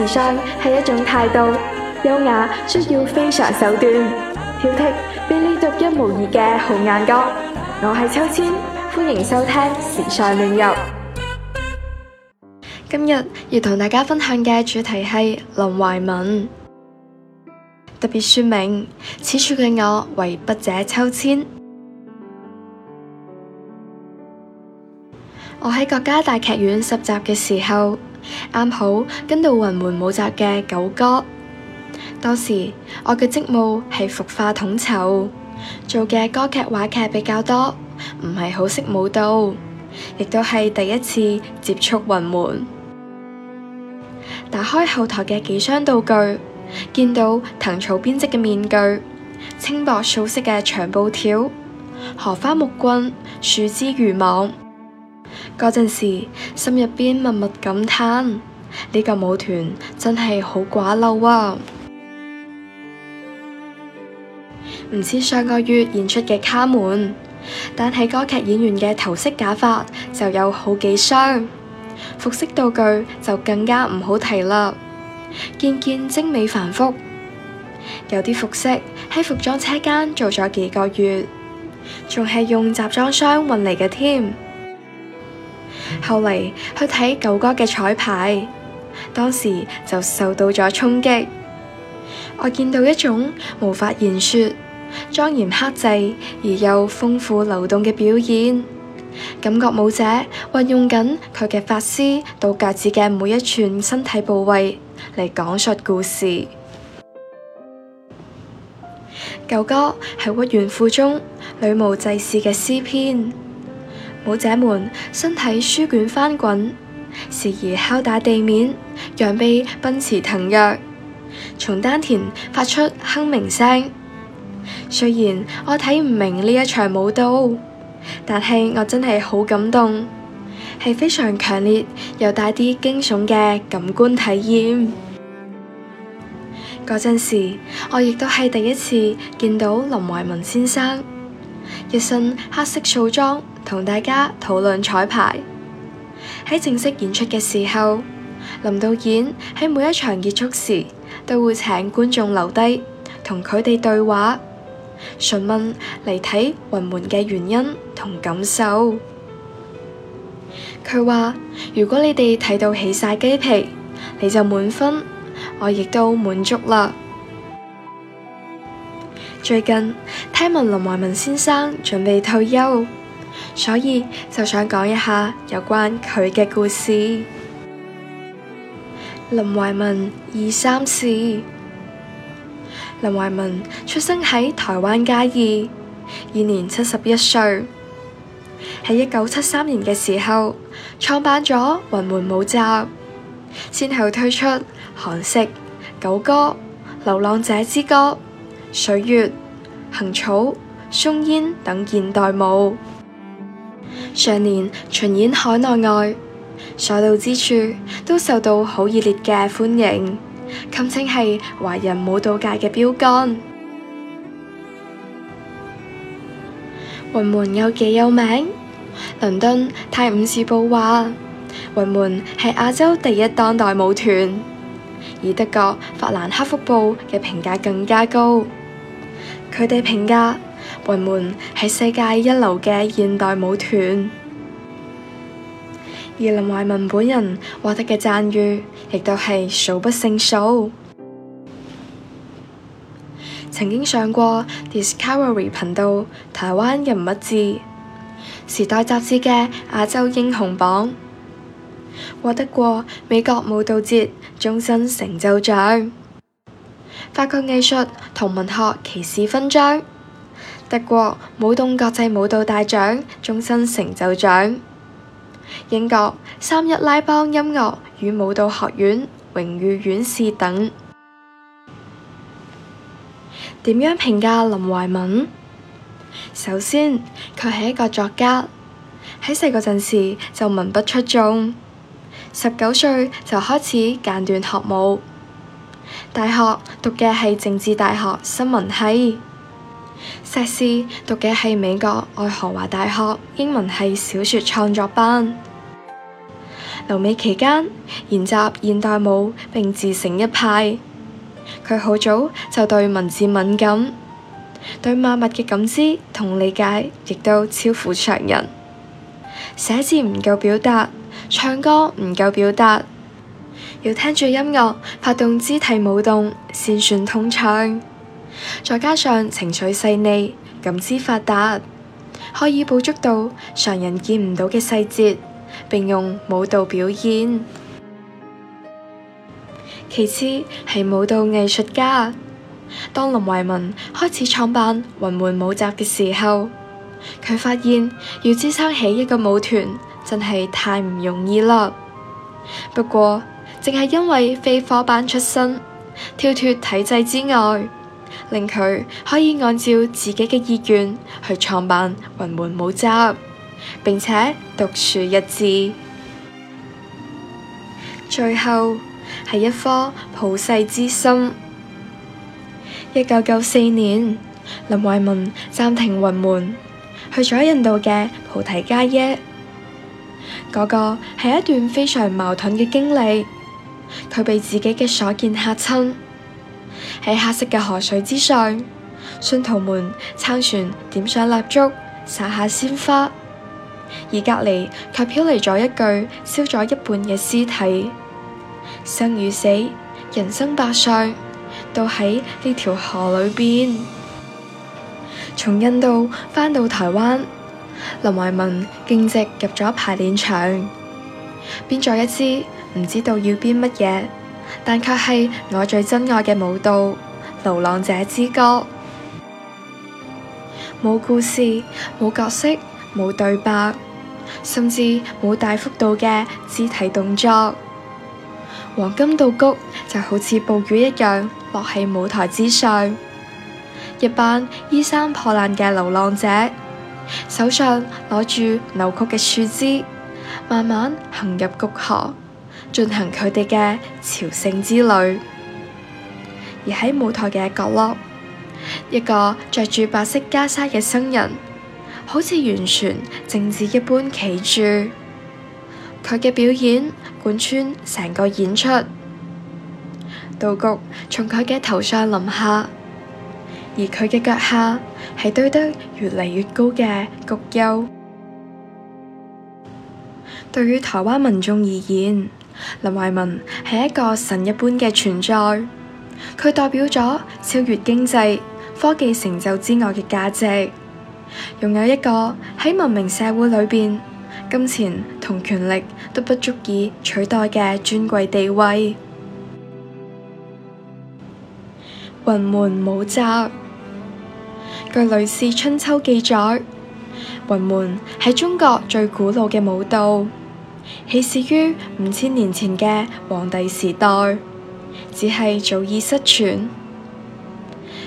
時尚係一種態度，優雅需要非常手段，挑剔，俾你獨一無二嘅好眼光。我係秋千，歡迎收聽時尚亂入。今日要同大家分享嘅主題係林懷民，特別說明，此處嘅我為筆者秋千。我喺國家大劇院實習嘅時候。啱好跟到雲門舞集嘅九歌，當時我嘅職務係服化統籌，做嘅歌劇話劇比較多，唔係好識舞蹈，亦都係第一次接觸雲門。打開後台嘅幾箱道具，見到藤草編織嘅面具、輕薄素色嘅長布條、荷花木棍、樹枝漁網。嗰陣時，心入邊默默感嘆：呢、這個舞團真係好寡陋啊！唔似 上個月演出嘅卡門，但係歌劇演員嘅頭飾假髮就有好幾箱，服飾道具就更加唔好提啦。件件精美繁複，有啲服飾喺服裝車間做咗幾個月，仲係用集裝箱運嚟嘅添。後嚟去睇九歌嘅彩排，當時就受到咗衝擊。我見到一種無法言説、莊嚴克制而又豐富流動嘅表演，感覺舞者運用緊佢嘅髮絲到腳趾嘅每一寸身體部位嚟講述故事。《九歌》係屈原賦中女巫祭祀嘅詩篇。舞者們身體舒卷翻滾，時而敲打地面，揚臂奔馳騰躍，從丹田發出哼鳴聲。雖然我睇唔明呢一場舞蹈，但係我真係好感動，係非常強烈又帶啲驚悚嘅感官體驗。嗰陣 時，我亦都係第一次見到林懷民先生，一身黑色素裝，同大家討論彩排。喺正式演出嘅時候，林導演喺每一場結束時，都會請觀眾留低，同佢哋對話，詢問嚟睇雲門嘅原因同感受。佢話：如果你哋睇到起晒雞皮，你就滿分，我亦都滿足啦。最近聽聞林懷民先生準備退休。所以就想講一下有關佢嘅故事。林懷民二三事。林懷民出生喺台灣嘉義，現年七十一歲。喺一九七三年嘅時候創辦咗雲門舞集，先後推出《寒食》《九歌》《流浪者之歌》《水月》《行草》《松煙》等現代舞。上年巡演海內外，所到之處都受到好熱烈嘅歡迎，堪稱係華人舞蹈界嘅標杆。雲門有幾有名？倫敦《泰晤士報》話雲門係亞洲第一當代舞團，而德國《法蘭克福報》嘅評價更加高。佢哋評價。雲門係世界一流嘅現代舞團，而林懷民本人獲得嘅讚譽亦都係數不勝數。曾經上過 Discovery 頻道《台灣人物誌》、《時代雜誌》嘅《亞洲英雄榜》，獲得過美國舞蹈節終身成就獎、法國藝術同文學騎士勳章。德國舞動國際舞蹈大獎、終身成就獎，英國三一拉邦音樂與舞蹈學院榮譽院士等。點樣評價林懷民？首先，佢係一個作家，喺細嗰陣時就文筆出眾，十九歲就開始間斷學舞，大學讀嘅係政治大學新聞系。碩士讀嘅係美國愛荷華大學英文系小說創作班。留美期間研習現代舞，並自成一派。佢好早就對文字敏感，對萬物嘅感知同理解亦都超乎常人。寫字唔夠表達，唱歌唔夠表達，要聽住音樂，發動肢體舞動，先算通暢。再加上情緒細膩、感知發達，可以捕捉到常人見唔到嘅細節，並用舞蹈表演。 其次係舞蹈藝術家。當林懷民開始創辦雲門舞集嘅時候，佢發現要支撐起一個舞團真係太唔容易啦。不過正係因為非科班出身，跳脫體制之外，令佢可以按照自己嘅意願去創辦雲門舞集，並且獨樹一幟。最後係一顆普世之心。一九九四年，林懷民暫停雲門，去咗印度嘅菩提伽耶。嗰、那個係一段非常矛盾嘅經歷，佢被自己嘅所見嚇親。喺黑色嘅河水之上，信徒們撐船，點上蠟燭，撒下鮮花，而隔籬卻飄嚟咗一具燒咗一半嘅屍體。生與死，人生百歲，都喺呢條河裏邊。從印度返到台灣，林懷民徑直入咗排練場，編咗一支唔知道要編乜嘢。但卻係我最珍愛嘅舞蹈《流浪者之歌》，冇故事、冇角色、冇對白，甚至冇大幅度嘅肢體動作。黃金稻谷就好似暴雨一樣落喺舞台之上，一班衣衫破爛嘅流浪者，手上攞住扭曲嘅樹枝，慢慢行入谷河。進行佢哋嘅朝聖之旅，而喺舞台嘅角落，一個着住白色袈裟嘅僧人，好似完全靜止一般企住。佢嘅表演貫穿成個演出，稻谷從佢嘅頭上淋下，而佢嘅腳下係堆得越嚟越高嘅谷丘。 對於台灣民眾而言，林懷民係一個神一般嘅存在，佢代表咗超越經濟、科技成就之外嘅價值，擁有一個喺文明社會裏邊金錢同權力都不足以取代嘅尊貴地位。雲門舞集據《呂氏春秋》記載，雲門係中國最古老嘅舞蹈。起始於五千年前嘅黃帝時代，只係早已失傳。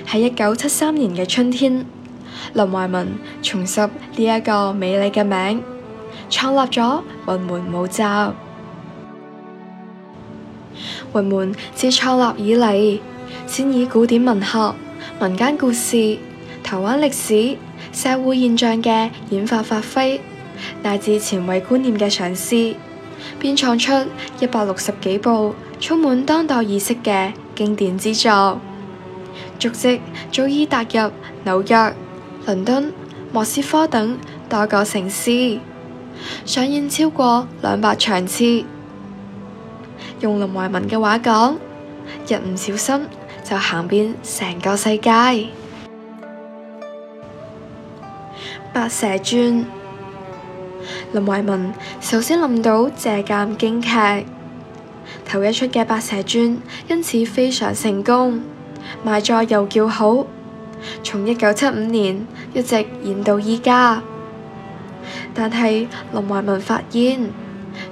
喺一九七三年嘅春天，林懷民重拾呢一個美麗嘅名，創立咗雲門舞集。雲門自創立以嚟，先以古典文學、民間故事、台灣歷史、社會現象嘅演化發揮。乃至前衛觀念嘅嘗試，編創出一百六十幾部充滿當代意識嘅經典之作，足跡早已踏入紐約、倫敦、莫斯科等多個城市，上演超過兩百場次。用林懷民嘅話講：一唔小心就行遍成個世界。白蛇傳。林懷民首先諗到借鑒京劇，頭一出嘅《白蛇傳》因此非常成功，賣座又叫好，從一九七五年一直演到而家。但係林懷民發現，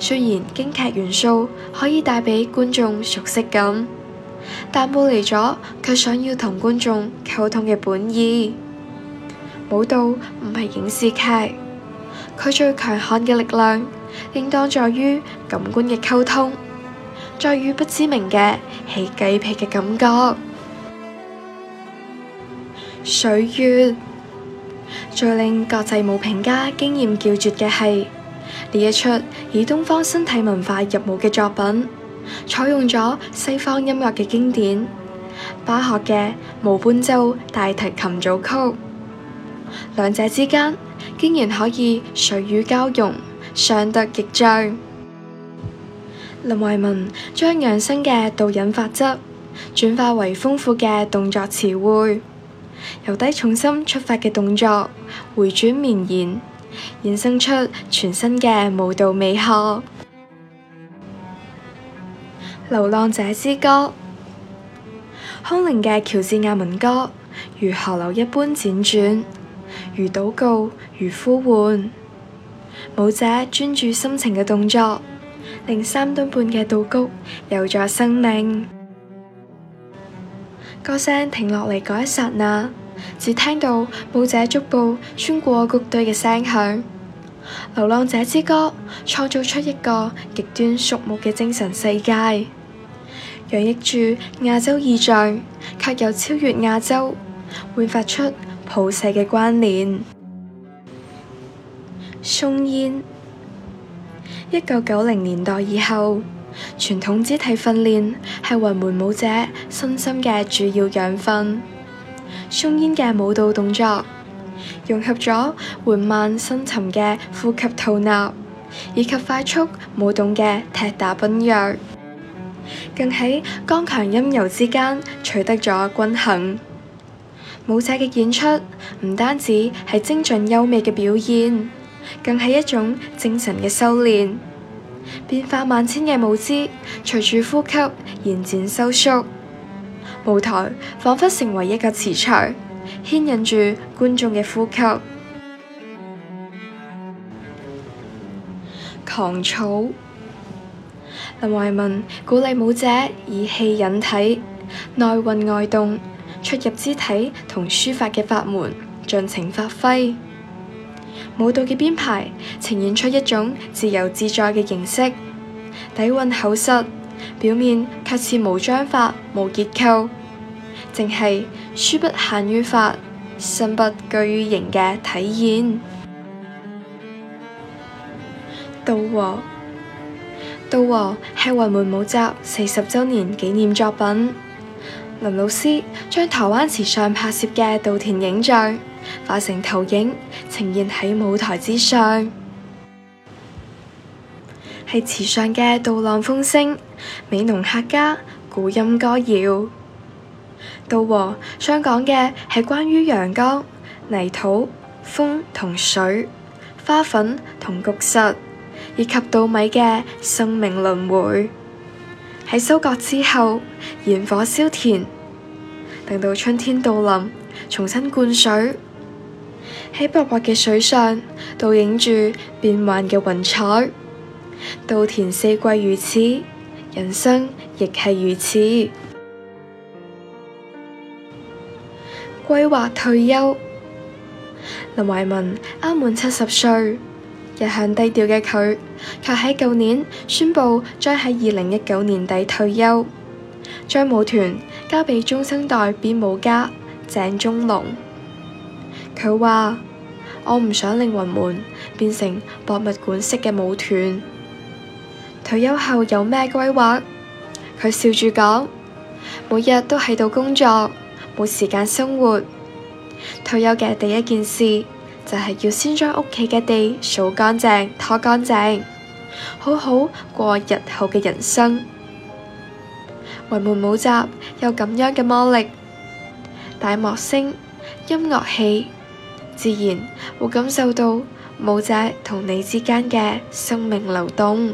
雖然京劇元素可以帶畀觀眾熟悉感，但剝離咗，卻想要同觀眾溝通嘅本意，舞蹈唔係影視劇。佢最強悍嘅力量，應當在於感官嘅溝通，在於不知名嘅起雞皮嘅感覺。水月最令國際舞評家驚艷叫絕嘅係，呢一出以東方身體文化入舞嘅作品，採用咗西方音樂嘅經典，巴赫嘅《無伴奏大提琴組曲》，兩者之間。竟然可以水乳交融，相得益彰。林懷民將養生嘅導引法則轉化為豐富嘅動作詞彙，由低重心出發嘅動作回轉綿延，衍生出全新嘅舞蹈美學。《流浪者之歌》，空靈嘅喬治亞文歌，如河流一般輾轉，如禱告。如呼喚舞者專注心情嘅動作，令三噸半嘅稻谷有咗生命。歌聲停落嚟嗰一剎那，只聽到舞者足步穿過谷堆嘅聲響。流浪者之歌創造出一個極端肅穆嘅精神世界，洋溢住亞洲意象，卻又超越亞洲，煥發出普世嘅關聯。松煙。一九九零年代以後，傳統肢體訓練係雲門舞者身心嘅主要養分。松煙嘅舞蹈動作融合咗緩慢深沉嘅呼吸吐納，以及快速舞動嘅踢打奔躍，更喺剛強陰柔之間取得咗均衡。舞者嘅演出唔單止係精準優美嘅表現。更係一種精神嘅修煉，變化萬千嘅舞姿隨住呼吸延展收縮，舞台彷彿成為一個磁場，牽引住觀眾嘅呼吸。狂草，林懷民鼓勵舞者以氣引體，內運外動，出入肢體同書法嘅法門盡情發揮。舞蹈嘅編排呈現出一種自由自在嘅形式，底蘊厚實，表面卻似無章法、無結構，淨係殊不限於法，甚不拘於形嘅體現。《稻禾》《稻禾》係雲門舞集四十周年紀念作品。林老師將台灣池上拍攝嘅稻田影像。化成投影呈現喺舞台之上，係池上嘅稻浪風聲、美濃客家古音歌謠。稻禾想講嘅係關於陽光、泥土、風同水、花粉同穀實，以及稻米嘅生命輪回。喺收割之後，燃火燒田，等到春天到臨，重新灌水。喺薄薄嘅水上倒映住變幻嘅雲彩，稻田四季如此，人生亦係如此。 規劃退休，林懷民啱滿七十歲，一向低調嘅佢，卻喺舊年宣布將喺二零一九年底退休，將舞團交俾中生代編舞家鄭中龍。佢話：我唔想令雲門變成博物館式嘅舞團。退休後有咩規劃？佢笑住講：每日都喺度工作，冇時間生活。退休嘅第一件事就係、是、要先將屋企嘅地掃乾淨、拖乾淨，好好過日後嘅人生。雲門舞集有咁樣嘅魔力，大幕升，音樂起。自然會感受到舞者同你之間嘅生命流動。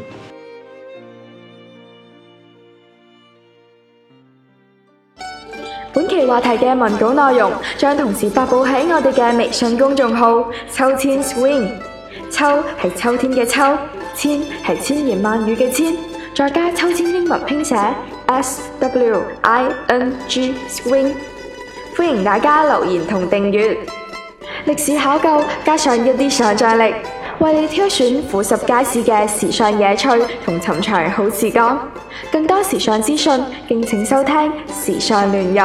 本期話題嘅文稿內容將同時發布喺我哋嘅微信公眾號“秋千 swing”。秋係秋天嘅秋，千係千言萬語嘅千，再加秋千英文拼寫 s w i n g swing，歡迎大家留言同訂閱。歷史考究加上一啲想象力，為你挑選富十街市嘅時尚野趣同尋常好時光。更多時尚資訊，敬請收聽《時尚亂入》。